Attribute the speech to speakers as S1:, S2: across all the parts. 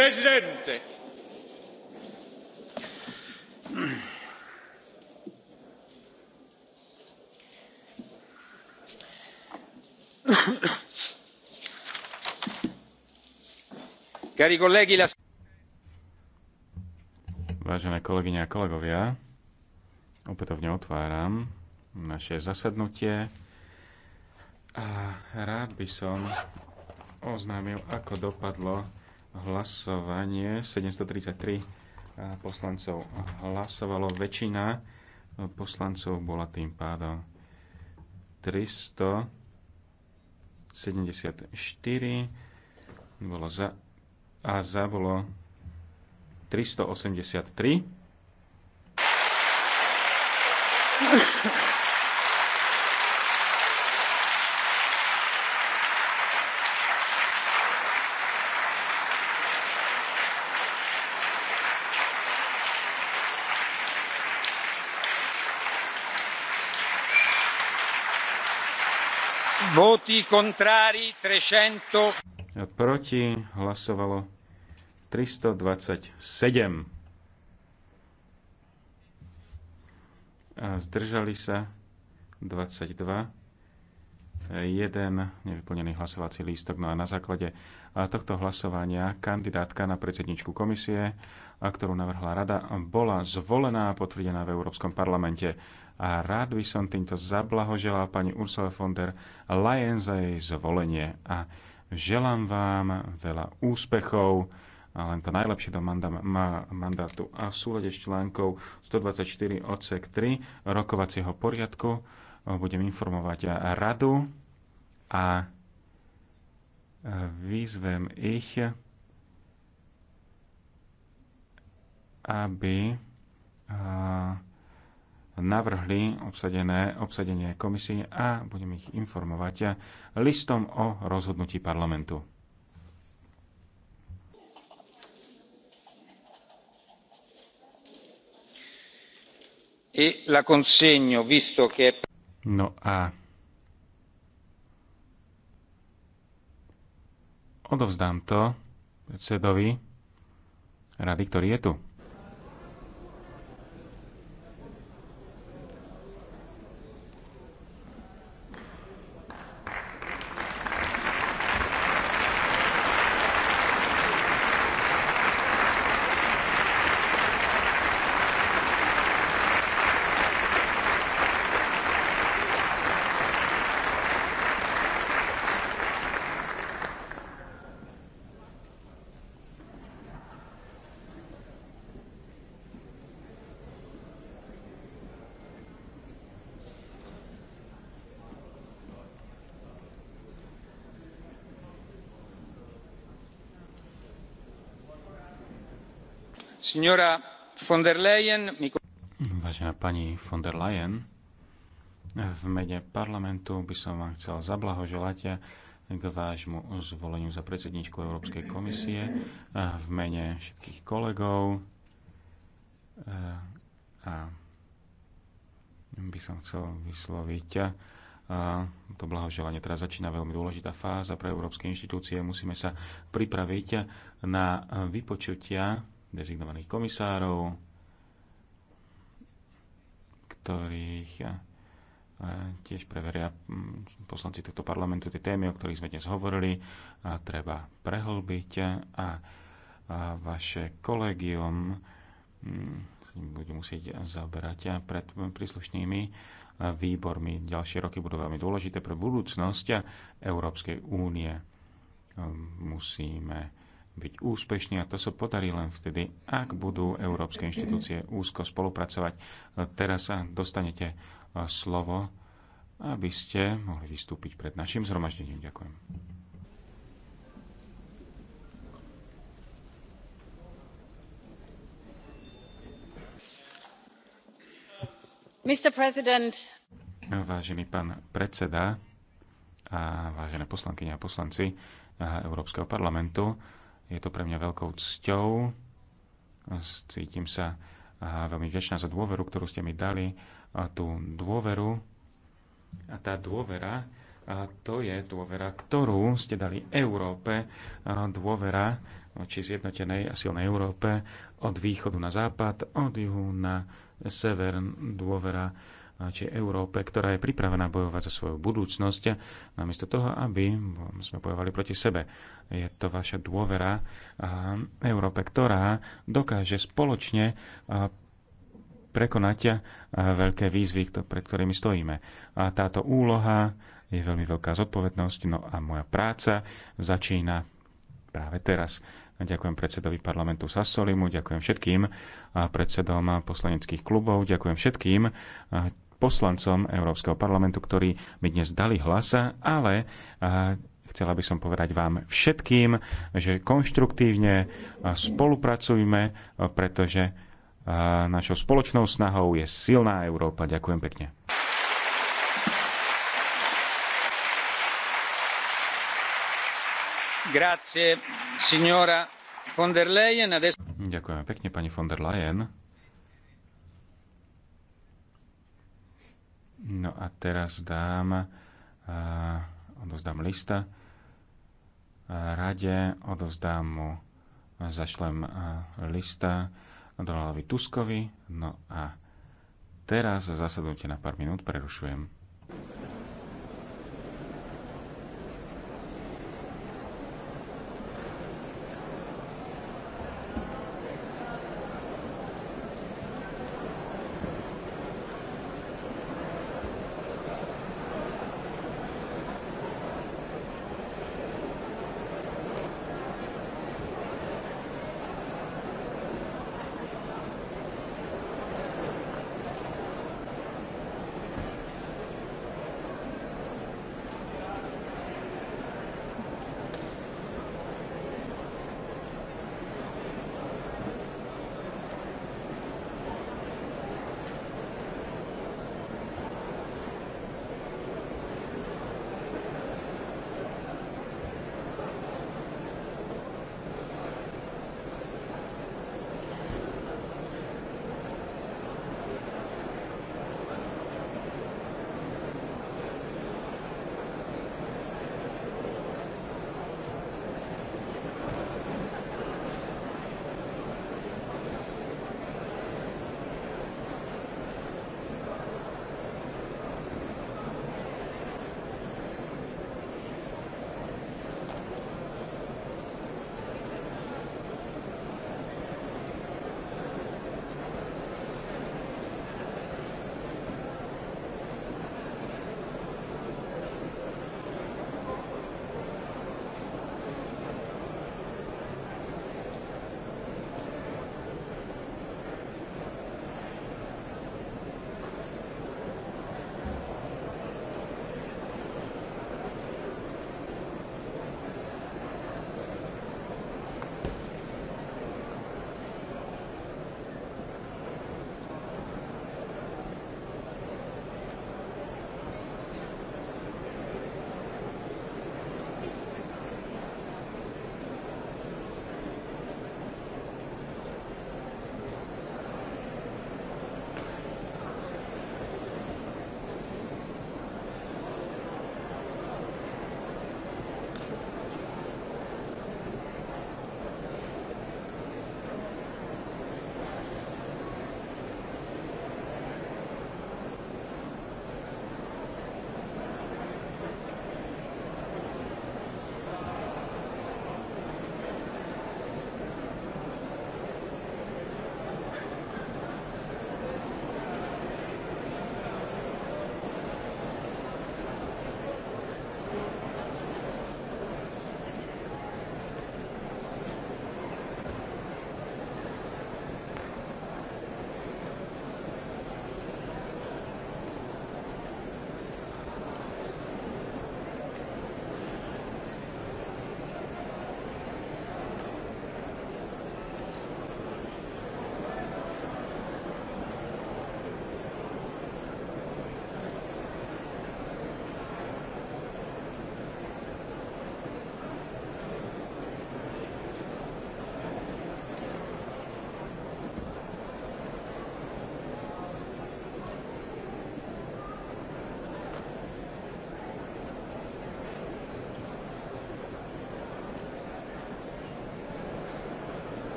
S1: presidente cari colleghi la Vážené kolegyne a kolegovia, opätovne otváram naše zasadnutie a rád by som oznámil, ako dopadlo hlasovanie. 733 eh, poslancov hlasovalo. Väčšina eh, poslancov bola tým pádom 374 bolo za a za bolo 383. voti contrari 300. Proti hlasovalo 327. A zdržali sa 22 jeden nevyplnený hlasovací lístok. No a na základe tohto hlasovania kandidátka na predsedničku komisie, ktorú navrhla rada, bola zvolená a potvrdená v Európskom parlamente. A rád by som týmto zablahoželal pani Ursula von der Leyen za jej zvolenie. A želám vám veľa úspechov a len to najlepšie do mandátu. A v súlade s článkou 124 odsek 3 rokovacieho poriadku budem informovať radu a vyzvem ich, aby navrhli obsadené, obsadenie komisie a budem ich informovať listom o rozhodnutí parlamentu. E la
S2: consegno, visto che...
S1: No a odovzdám to predsedovi rady, ktorý je tu. Vážená pani von der Leyen, v mene parlamentu by som vám chcel zablahoželať k vášmu zvoleniu za predsedničku Európskej komisie v mene všetkých kolegov. Eh, a by som chcel vysloviť a eh, to blahoželanie. Teraz začína veľmi dôležitá fáza pre európske inštitúcie. Musíme sa pripraviť na vypočutia dezignovaných komisárov, ktorých eh, tiež preveria hm, poslanci tohto parlamentu tie témy, o ktorých sme dnes hovorili. A treba prehlbiť eh, a, vaše kolegium hm, bude musieť zaoberať eh, pred príslušnými výbormi. Ďalšie roky budú veľmi dôležité pre budúcnosť Európskej únie. Hm, musíme byť úspešní a to sa so podarí len vtedy, ak budú európske inštitúcie úzko spolupracovať. Teraz sa dostanete e, slovo, aby ste mohli vystúpiť pred našim zhromaždením. Ďakujem.
S2: Mr. President.
S1: Vážený pán predseda a vážené poslankyne a poslanci Európskeho parlamentu, je to pre mňa veľkou cťou. Cítim sa veľmi vďačná za dôveru, ktorú ste mi dali. A tú dôveru a tá dôvera, a to je dôvera, ktorú ste dali Európe, a dôvera či zjednotenej a silnej Európe od východu na západ, od juhu na sever, dôvera či Európe, ktorá je pripravená bojovať za svoju budúcnosť, namiesto toho, aby sme bojovali proti sebe. Je to vaša dôvera Európe, ktorá dokáže spoločne prekonať veľké výzvy, pred ktorými stojíme. A táto úloha je veľmi veľká zodpovednosť, no a moja práca začína práve teraz. Ďakujem predsedovi parlamentu Sassolimu, ďakujem všetkým predsedom poslaneckých klubov, ďakujem všetkým poslancom Európskeho parlamentu, ktorí mi dnes dali hlasa, ale chcela by som povedať vám všetkým, že konštruktívne spolupracujme, pretože našou spoločnou snahou je silná Európa. Ďakujem pekne. Grazie, signora von der Leyen. Ďakujem pekne, pani von der Leyen. No a teraz dám, eh, odozdám lista eh, rade, odozdám mu, eh, zašlem lista Donalovi Tuskovi. No a teraz zasadnutie na pár minút prerušujem.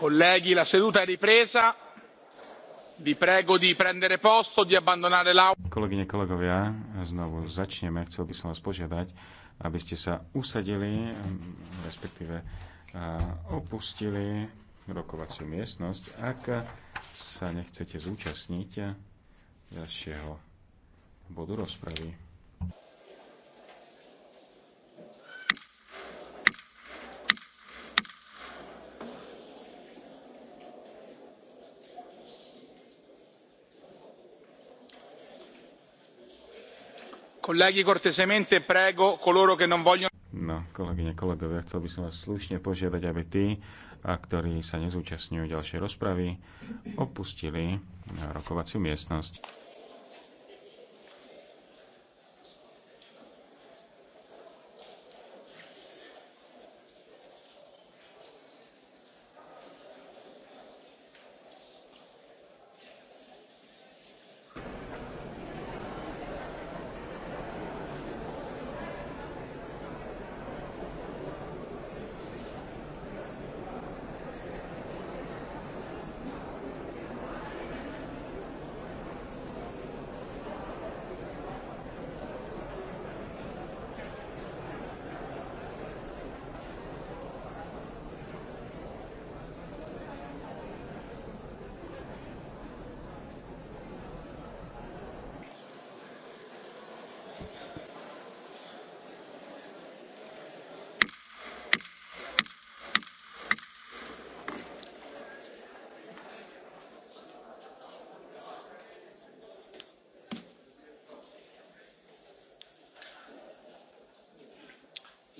S1: colleghi la seduta è ripresa vi prego di prendere posto di abbandonare l'aula. kolegyne kolegovia znovu začneme chcel by som vás požiadať aby ste sa usadili respektíve e, opustili rokovaciu miestnosť ak sa nechcete zúčastniť ďalšieho bodu rozpravy. Kolegi, cortesemente prego coloro che non vogliono... No, kolegyne, kolegovia, chcel by som vás slušne požiadať, aby tí, a ktorí sa nezúčastňujú ďalšej rozpravy, opustili rokovaciu miestnosť.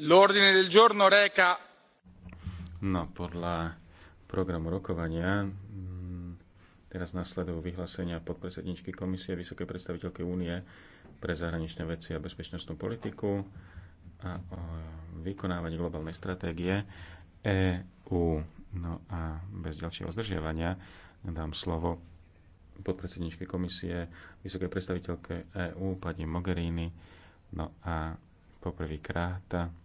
S1: L'ordine del giorno reca... No, podľa programu rokovania mm, teraz nasledujú vyhlásenia podpredsedničky komisie Vysokej predstaviteľky únie pre zahraničné veci a bezpečnostnú politiku a o vykonávaní globálnej stratégie EÚ. No a bez ďalšieho zdržiavania dám slovo podpredsedničke komisie, vysokej predstaviteľke EÚ, pani Mogherini. No a poprvýkrát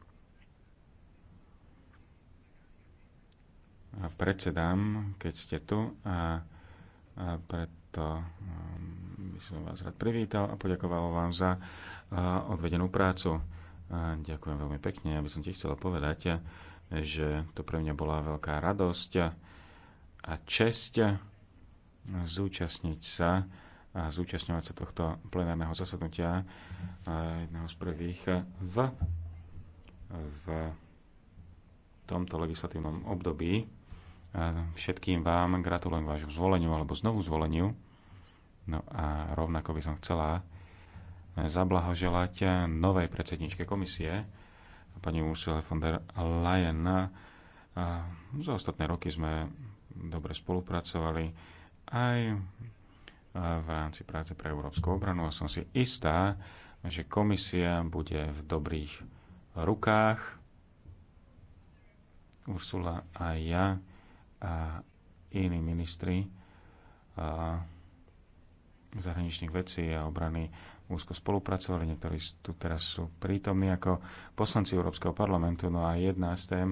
S1: predsedám, keď ste tu a, preto um, by som vás rád privítal a poďakoval vám za odvedenú prácu. ďakujem veľmi pekne, aby som ti chcel povedať, že to pre mňa bola veľká radosť a česť zúčastniť sa a zúčastňovať sa tohto plenárneho zasadnutia jedného z prvých v, v tomto legislatívnom období všetkým vám gratulujem k vášmu zvoleniu alebo znovu zvoleniu. No a rovnako by som chcela e, zablahoželať e, novej predsedničke komisie, pani Ursula von der Leyen. E, za ostatné roky sme dobre spolupracovali aj v rámci práce pre európsku obranu a som si istá, že komisia bude v dobrých rukách. Ursula a ja a iní ministri a zahraničných vecí a obrany úzko spolupracovali. Niektorí tu teraz sú prítomní ako poslanci Európskeho parlamentu. No a jedna z tém,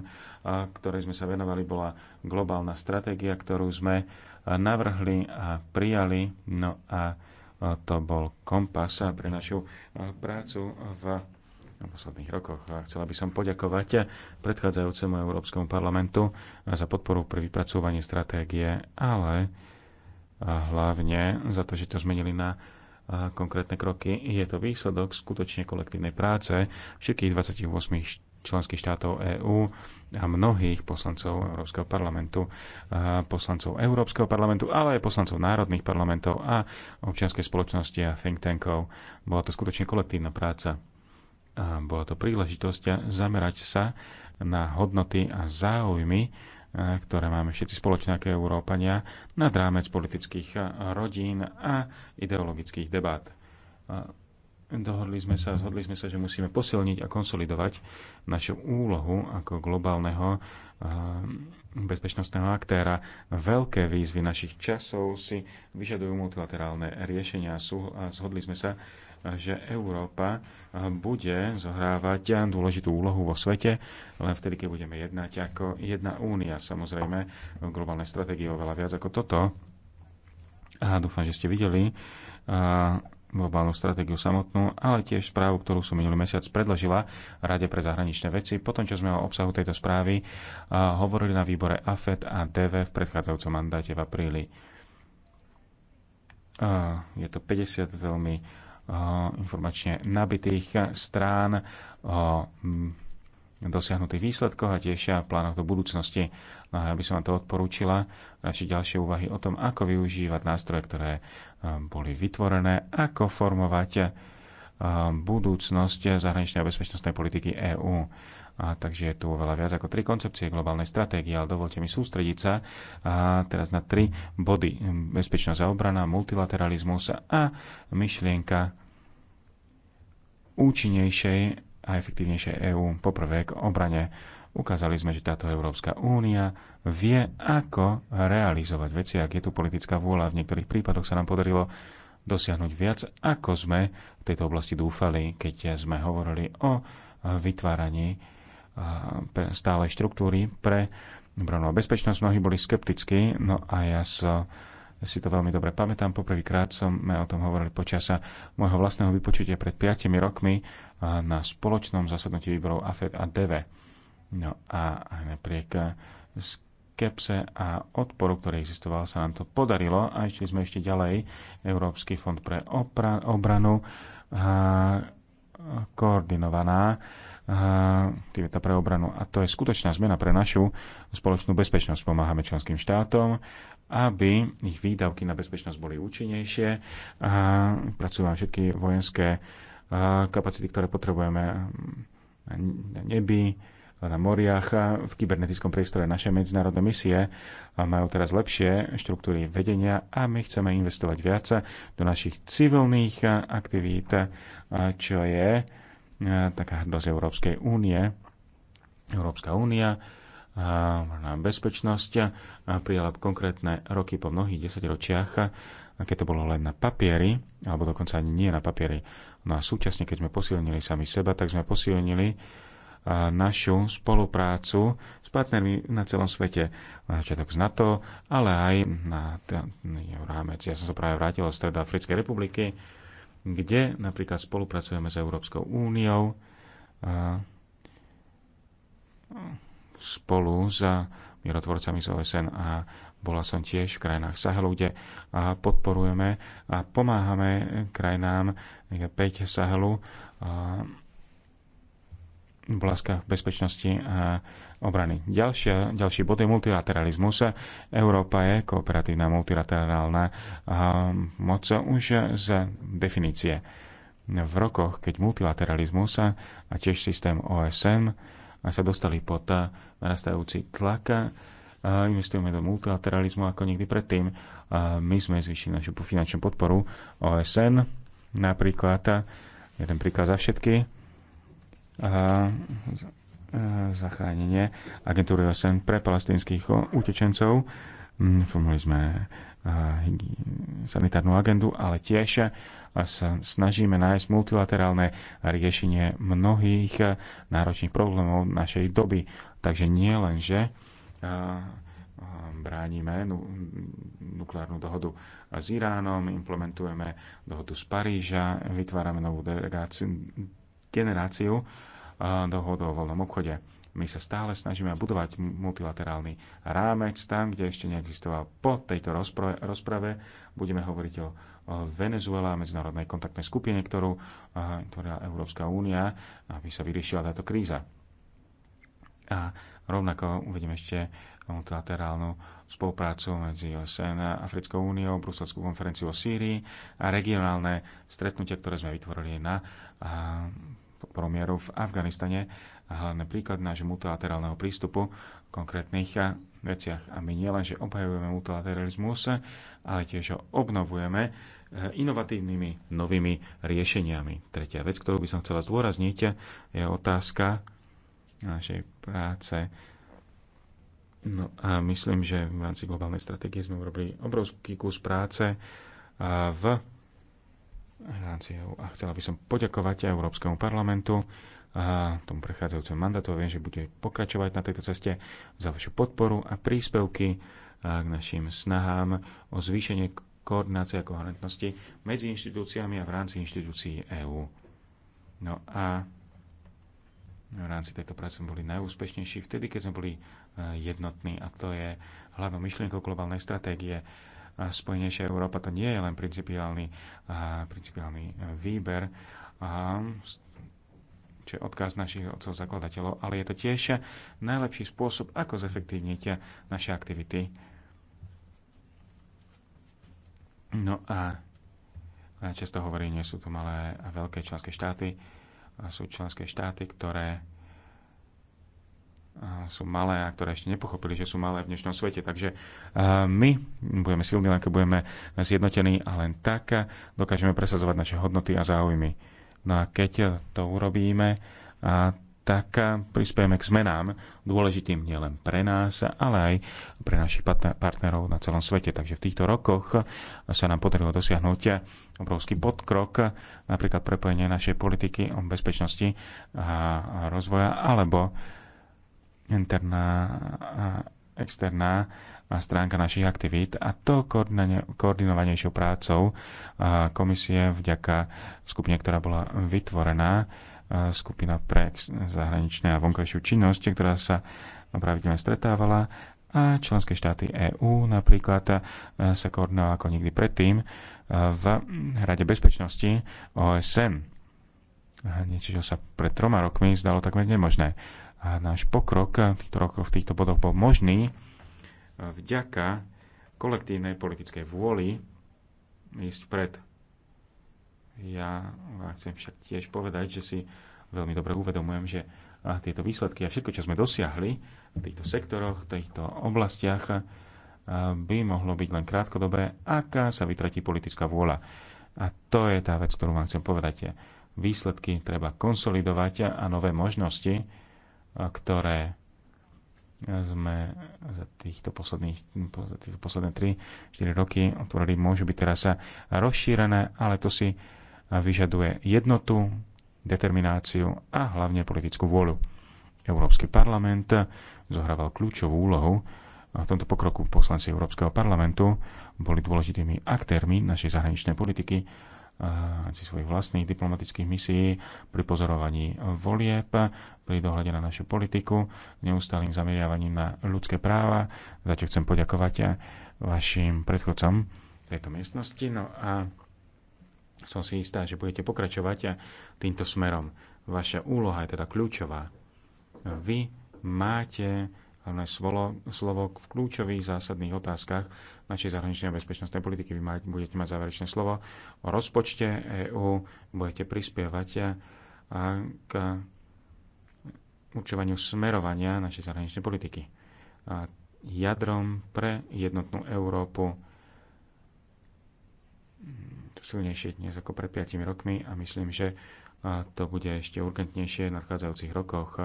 S1: ktorej sme sa venovali, bola globálna stratégia, ktorú sme navrhli a prijali. No a to bol kompas pre našu prácu v v posledných rokoch. A chcela by som poďakovať predchádzajúcemu Európskemu parlamentu za podporu pri vypracovaní stratégie, ale hlavne za to, že to zmenili na konkrétne kroky. Je to výsledok skutočne kolektívnej práce všetkých 28 členských štátov EÚ a mnohých poslancov Európskeho parlamentu, poslancov Európskeho parlamentu, ale aj poslancov národných parlamentov a občianskej spoločnosti a think tankov. Bola to skutočne kolektívna práca a bola to príležitosť zamerať sa na hodnoty a záujmy, e, ktoré máme všetci spoločné ako Európania, na rámec politických rodín a ideologických debát. Dohodli sme sa, zhodli sme sa, že musíme posilniť a konsolidovať našu úlohu ako globálneho e, bezpečnostného aktéra. Veľké výzvy našich časov si vyžadujú multilaterálne riešenia. a Zhodli sme sa, že Európa eh, bude zohrávať dôležitú úlohu vo svete, len vtedy, keď budeme jednať ako jedna únia. Samozrejme, v globálnej stratégii oveľa viac ako toto. A dúfam, že ste videli eh, globálnu stratégiu samotnú, ale tiež správu, ktorú som minulý mesiac predložila Rade pre zahraničné veci. Potom, čo sme o obsahu tejto správy hovorili na výbore AFED a DV v predchádzajúcom mandáte v apríli. Je to 50 veľmi informačne nabitých strán dosiahnutých výsledkoch a tiež plánoch do budúcnosti. No a ja by som vám to odporúčila, naše ďalšie úvahy o tom, ako využívať nástroje, ktoré eh, boli vytvorené, ako formovať eh, budúcnosť zahraničnej a bezpečnostnej politiky EÚ. A takže je tu oveľa viac ako tri koncepcie globálnej stratégie, ale dovolte mi sústrediť sa a eh, teraz na tri body. Bezpečnosť a obrana, multilateralizmus a myšlienka účinnejšej a efektívnejšej EÚ. Poprvé k obrane ukázali sme, že táto Európska únia vie, ako realizovať veci, ak je tu politická vôľa. V niektorých prípadoch sa nám podarilo dosiahnuť viac, ako sme v tejto oblasti dúfali, keď sme hovorili o vytváraní stálej štruktúry pre obranú bezpečnosť. Mnohí boli skeptickí, no a ja sa so si to veľmi dobre pamätám. Poprvýkrát sme o tom hovorili počas môjho vlastného vypočutia pred 5 rokmi na spoločnom zasadnutí výborov AFED a DV. No a aj napriek e, skepse a odporu, ktorý existoval, sa nám to podarilo a išli sme ešte ďalej. Európsky fond pre obranu a koordinovaná aktivita pre obranu. A to je skutočná zmena pre našu spoločnú bezpečnosť. Pomáhame členským štátom, aby ich výdavky na bezpečnosť boli účinnejšie. Pracujú vám všetky vojenské kapacity, ktoré potrebujeme na nebi, na moriach, v kybernetickom priestore. Naše medzinárodné misie majú teraz lepšie štruktúry vedenia a my chceme investovať viac do našich civilných aktivít, čo je E, taká hrdosť Európskej únie. Európska únia e, na bezpečnosť a e, prijala konkrétne roky po mnohých desaťročiach, keď to bolo len na papieri, alebo dokonca ani nie na papieri. No a súčasne, keď sme posilnili sami seba, tak sme posilnili našu spoluprácu s partnermi na celom svete. Začiatok z NATO, ale aj na rámec. Ja som sa práve vrátil z Stredoafrickej republiky, kde napríklad spolupracujeme s Európskou úniou spolu s mirotvorcami z OSN a bola som tiež v krajinách Sahelu, kde podporujeme a pomáhame krajinám 5 Sahelu v láskach bezpečnosti a obrany. Ďalšia, ďalší bod je multilateralizmus. Európa je kooperatívna multilaterálna moc už z definície. V rokoch, keď multilateralizmus a tiež systém OSN sa dostali pod narastajúci tlak, investujeme do multilateralizmu ako nikdy predtým. My sme zvýšili našu finančnú podporu OSN, napríklad, jeden príklad za všetky, E, zachránenie agentúry OSN pre palestinských utečencov. Mm, Formuli sme e, sanitárnu agendu, ale tiež sa snažíme nájsť multilaterálne riešenie mnohých náročných problémov našej doby. Takže nie len, že e, bránime nukleárnu dohodu s Iránom, implementujeme dohodu z Paríža, vytvárame novú delegáciu, generáciu eh, dohodu o voľnom obchode. My sa stále snažíme budovať multilaterálny rámec tam, kde ešte neexistoval. Po tejto rozprave, budeme hovoriť o, Venezuela a medzinárodnej kontaktnej skupine, ktorú eh, tvorila Európska únia, aby sa vyriešila táto kríza. A rovnako uvediem ešte multilaterálnu spoluprácu medzi OSN a Africkou úniou, Bruselskú konferenciu o Sýrii a regionálne stretnutie, ktoré sme vytvorili na eh, podporu v Afganistane a hlavný príklad nášho multilaterálneho prístupu v konkrétnych eh, veciach. A my nielenže obhajujeme multilateralizmus, ale tiež ho obnovujeme eh, inovatívnymi novými riešeniami. Tretia vec, ktorú by som chcela zdôrazniť, je otázka našej práce. No a myslím, že v rámci globálnej stratégie sme urobili obrovský kus práce eh, v reláciou a chcela by som poďakovať Európskemu parlamentu a tomu prechádzajúcemu mandátu a viem, že bude pokračovať na tejto ceste za vašu podporu a príspevky k našim snahám o zvýšenie koordinácie a koherentnosti medzi inštitúciami a v rámci inštitúcií EÚ. No a v rámci tejto práce sme boli najúspešnejší vtedy, keď sme boli e, jednotní a to je hlavnou myšlienkou globálnej stratégie spojenejšia Európa to nie je len principiálny, principiálny e, výber, čo odkaz našich otcov zakladateľov, ale je to tiež najlepší spôsob, ako zefektívniť naše aktivity. No a často hovorí, nie sú to malé a veľké členské štáty, sú členské štáty, ktoré sú malé a ktoré ešte nepochopili, že sú malé v dnešnom svete. Takže my budeme silní, len keď budeme zjednotení a len tak dokážeme presadzovať naše hodnoty a záujmy. No a keď to urobíme, tak prispieme k zmenám dôležitým nielen pre nás, ale aj pre našich partnerov na celom svete. Takže v týchto rokoch sa nám podarilo dosiahnuť obrovský podkrok, napríklad prepojenie našej politiky o bezpečnosti a rozvoja, alebo interná a externá stránka našich aktivít a to koordinovanejšou prácou komisie vďaka skupine, ktorá bola vytvorená, skupina pre zahraničné a vonkajšiu činnosť, ktorá sa pravidelne stretávala a členské štáty EÚ napríklad sa koordinovala ako nikdy predtým v Rade bezpečnosti OSN. Niečo, čo sa pred troma rokmi zdalo takmer nemožné a náš pokrok v, v týchto bodoch bol možný e, vďaka kolektívnej politickej vôli ísť pred. Ja chcem však tiež povedať, že si veľmi dobre uvedomujem, že tieto výsledky a všetko, čo sme dosiahli v týchto sektoroch, v týchto oblastiach, e, by mohlo byť len krátkodobé, aká sa vytratí politická vôľa. A to je tá vec, ktorú vám chcem povedať. Výsledky treba konsolidovať a nové možnosti ktoré sme za týchto posledných, za týchto posledné 3-4 roky otvorili, môžu byť teraz rozšírené, ale to si vyžaduje jednotu, determináciu a hlavne politickú vôľu. Európsky parlament zohrával kľúčovú úlohu v tomto pokroku poslanci Európskeho parlamentu boli dôležitými aktérmi našej zahraničnej politiky Eh, rámci svojich vlastných diplomatických misií pri pozorovaní volieb, pri dohľade na našu politiku, neustálým zameriavaním na ľudské práva, za čo chcem poďakovať eh, vašim predchodcom tejto miestnosti. No a som si istá, že budete pokračovať eh, týmto smerom. Vaša úloha je teda kľúčová. Vy máte hlavné slovo, slovo v kľúčových zásadných otázkach našej zahraničnej a bezpečnostnej politiky. Vy mať, budete mať záverečné slovo o rozpočte EÚ, budete prispievať a k určovaniu smerovania našej zahraničnej politiky. A jadrom pre jednotnú Európu silnejšie dnes ako pred 5 rokmi a myslím, že to bude ešte urgentnejšie v nadchádzajúcich rokoch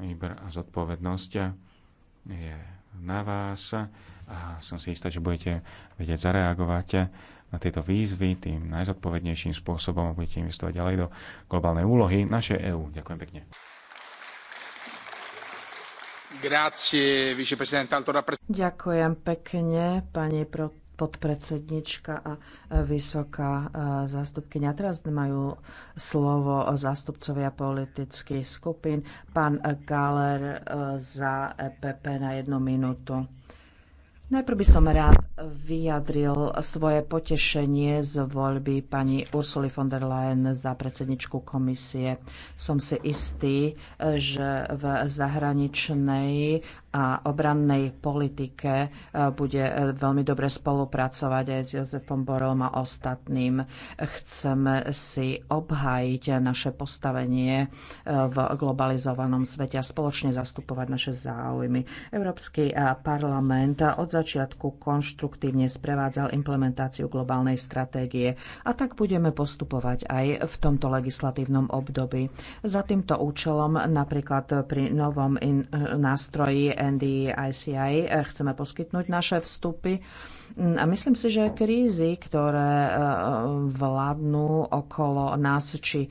S1: výber a zodpovednosť je na vás a som si istá, že budete vedieť zareagovať na tieto výzvy tým najzodpovednejším spôsobom a budete investovať ďalej do globálnej úlohy našej EÚ. Ďakujem pekne. Grazie,
S2: Ďakujem pekne, pani podpredsednička a vysoká e, zástupkynia. Teraz majú slovo zástupcovia politických skupín. Pán Galer e, za EPP na jednu minútu. Najprv by som rád vyjadril svoje potešenie z voľby pani Ursuly von der Leyen za predsedničku komisie. Som si istý, že v zahraničnej a obrannej politike eh, bude eh, veľmi dobre spolupracovať aj s Jozefom Borom a ostatným. Chceme si obhájiť naše postavenie eh, v globalizovanom svete a spoločne zastupovať naše záujmy. Európsky parlament od začiatku konštruktívne sprevádzal implementáciu globálnej stratégie a tak budeme postupovať aj v tomto legislatívnom období. Za týmto účelom napríklad pri novom nástroji NDICI chceme poskytnúť naše vstupy Hm, a myslím si, že krízy, ktoré e, vládnu okolo nás, či e,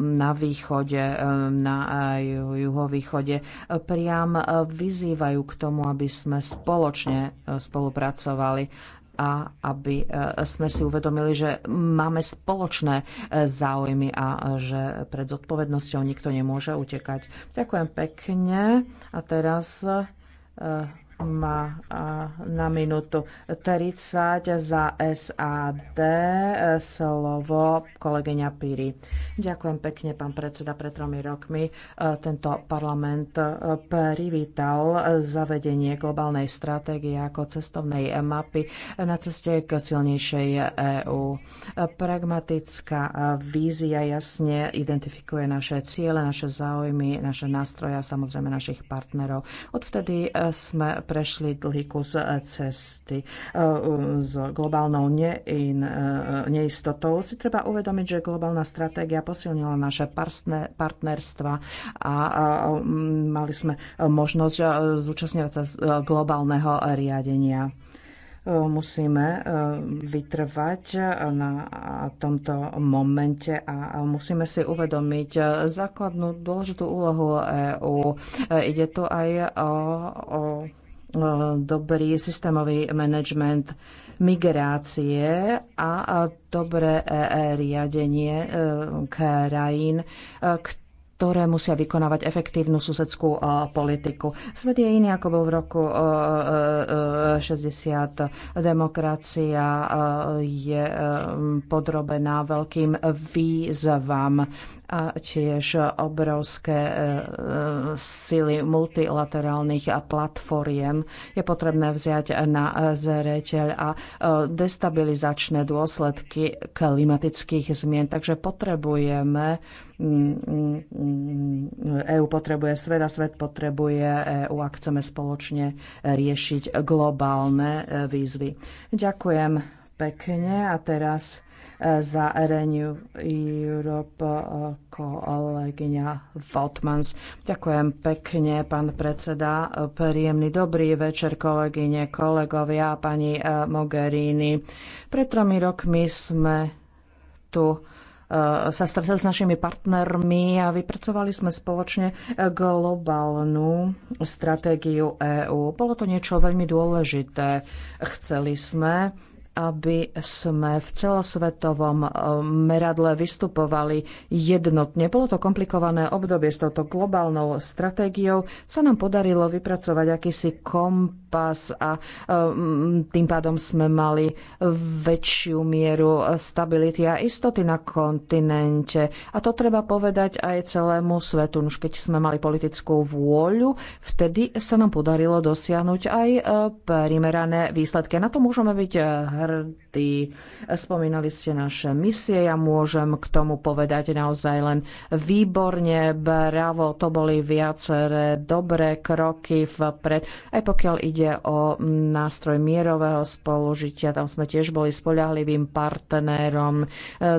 S2: na východe, e, na juhovýchode, priam vyzývajú k tomu, aby sme spoločne spolupracovali a aby sme si uvedomili, že máme spoločné záujmy a že pred zodpovednosťou nikto nemôže utekať. Ďakujem pekne. A teraz má na minútu 30 za SAD e, slovo kolegyňa Piri. Ďakujem pekne, pán predseda, pred tromi rokmi e, tento parlament e, privítal zavedenie globálnej stratégie ako cestovnej mapy na ceste k silnejšej EÚ. Pragmatická vízia jasne identifikuje naše ciele, naše záujmy, naše nástroje a samozrejme našich partnerov. Odvtedy sme prešli dlhý kus cesty. E, e, s globálnou nein, e, neistotou si treba uvedomiť, že globálna stratégia posilnila naše partnerstva a mali sme možnosť zúčastňovať sa z globálneho riadenia musíme vytrvať na tomto momente a musíme si uvedomiť základnú dôležitú úlohu EÚ. Ide tu aj o, o dobrý systémový manažment migrácie a dobré e, e, riadenie e, krajín, ktoré musia vykonávať efektívnu susedskú politiku. Svet je iný, ako bol v roku 60. Demokracia je podrobená veľkým výzvam a tiež obrovské e, sily multilaterálnych platformiem. Je potrebné vziať na zreteľ a e, destabilizačné dôsledky klimatických zmien. Takže potrebujeme mm, mm, mm, EU potrebuje svet a svet potrebuje EU, ak chceme spoločne riešiť globálne e, výzvy. Ďakujem pekne a teraz za Renew Europe eh, kolegyňa Votmans. Ďakujem pekne, pán predseda. Príjemný dobrý večer, kolegyne, kolegovia, pani eh, Mogherini. Pred tromi rokmi sme tu eh, sa stretli s našimi partnermi a vypracovali sme spoločne globálnu stratégiu EÚ. Bolo to niečo veľmi dôležité. Chceli sme aby sme v celosvetovom eh, meradle vystupovali jednotne. Bolo to komplikované obdobie s touto globálnou stratégiou. Sa nám podarilo vypracovať akýsi kompromis pás a mm, tým pádom sme mali väčšiu mieru stability a istoty na kontinente. A to treba povedať aj celému svetu. Už keď sme mali politickú vôľu, vtedy sa nám podarilo dosiahnuť aj e, primerané výsledky. Na to môžeme byť e, hrdí. Spomínali ste naše misie. Ja môžem k tomu povedať naozaj len výborne, bravo, to boli viaceré dobré kroky vpred, aj pokiaľ ide ide o nástroj mierového spolužitia. Tam sme tiež boli spoľahlivým partnerom, e,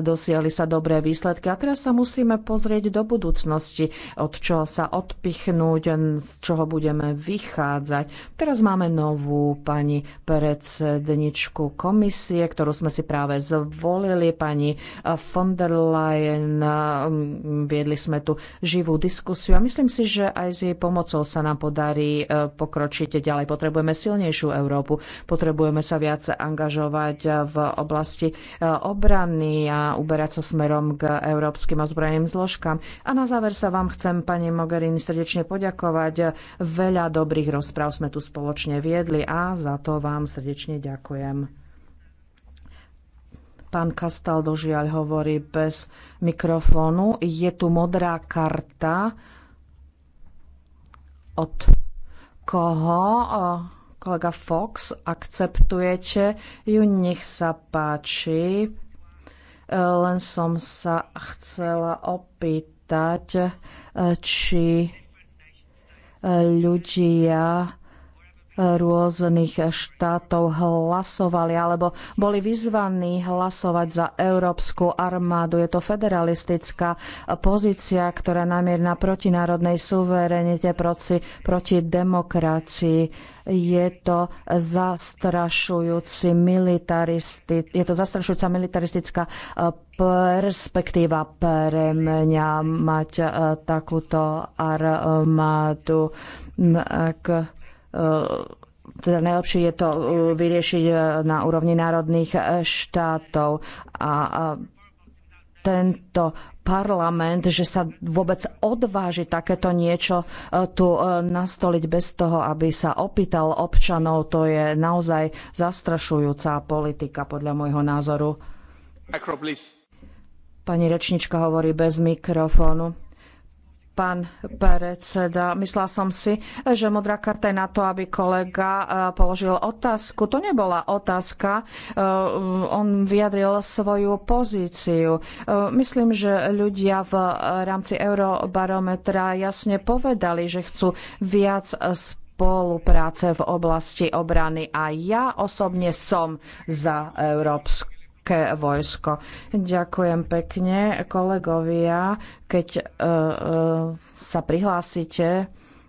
S2: dosiali sa dobré výsledky a teraz sa musíme pozrieť do budúcnosti, od čoho sa odpichnúť, z čoho budeme vychádzať. Teraz máme novú pani predsedničku komisie, ktorú sme si práve zvolili, pani von der Leyen. Mm, viedli sme tu živú diskusiu a myslím si, že aj s jej pomocou sa nám podarí e, pokročiť ďalej. potrebu potrebujeme silnejšiu Európu, potrebujeme sa viac angažovať v oblasti e, obrany a uberať sa smerom k európskym ozbrojeným zložkám. A na záver sa vám chcem, pani Mogherini, srdečne poďakovať. Veľa dobrých rozpráv sme tu spoločne viedli a za to vám srdečne ďakujem pán Kastal dožiaľ hovorí bez mikrofónu. Je tu modrá karta od koho kolega Fox akceptujete ju, nech sa páči. E, len som sa chcela opýtať, e, či e, ľudia rôznych štátov hlasovali alebo boli vyzvaní hlasovať za Európsku armádu. Je to federalistická pozícia, ktorá namierna proti národnej suverenite, proti, proti demokracii. Je to zastrašujúci militaristi, je to zastrašujúca militaristická eh, perspektíva pre mňa mať eh, takúto armádu. Ak Ehm, teda najlepšie je to ehm, vyriešiť ehm, na úrovni národných štátov a tento parlament, že sa vôbec odváži takéto niečo tu nastoliť bez toho, aby sa opýtal občanov, to je naozaj zastrašujúca politika podľa môjho názoru. Pani rečnička hovorí bez mikrofónu pán predseda. Myslela som si, že modrá karta je na to, aby kolega e, položil otázku. To nebola otázka. E, on vyjadril svoju pozíciu. E, myslím, že ľudia v rámci Eurobarometra jasne povedali, že chcú viac spolupráce v oblasti obrany a ja osobne som za európsku americké vojsko. Ďakujem pekne kolegovia, keď e, e, sa prihlásite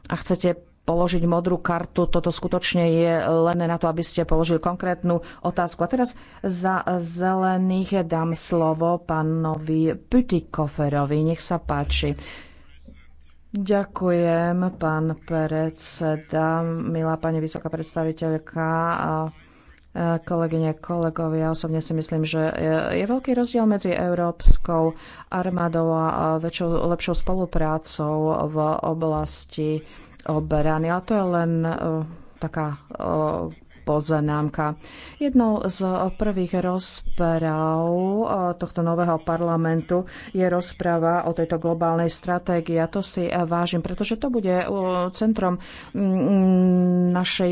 S2: a chcete položiť modrú kartu. Toto skutočne je len na to, aby ste položili konkrétnu otázku. A teraz za zelených dám slovo pánovi Pytikoferovi. Nech sa páči. Ďakujem, pán predseda, milá pani vysoká predstaviteľka. Kolegyne, kolegovia, osobne si myslím, že je veľký rozdiel medzi európskou armádou a väčšou, lepšou spoluprácou v oblasti obrany. Ale to je len e, taká e, poznámka. Jednou z prvých rozpráv e, tohto nového parlamentu je rozpráva o tejto globálnej stratégii a to si vážim, pretože to bude centrom našej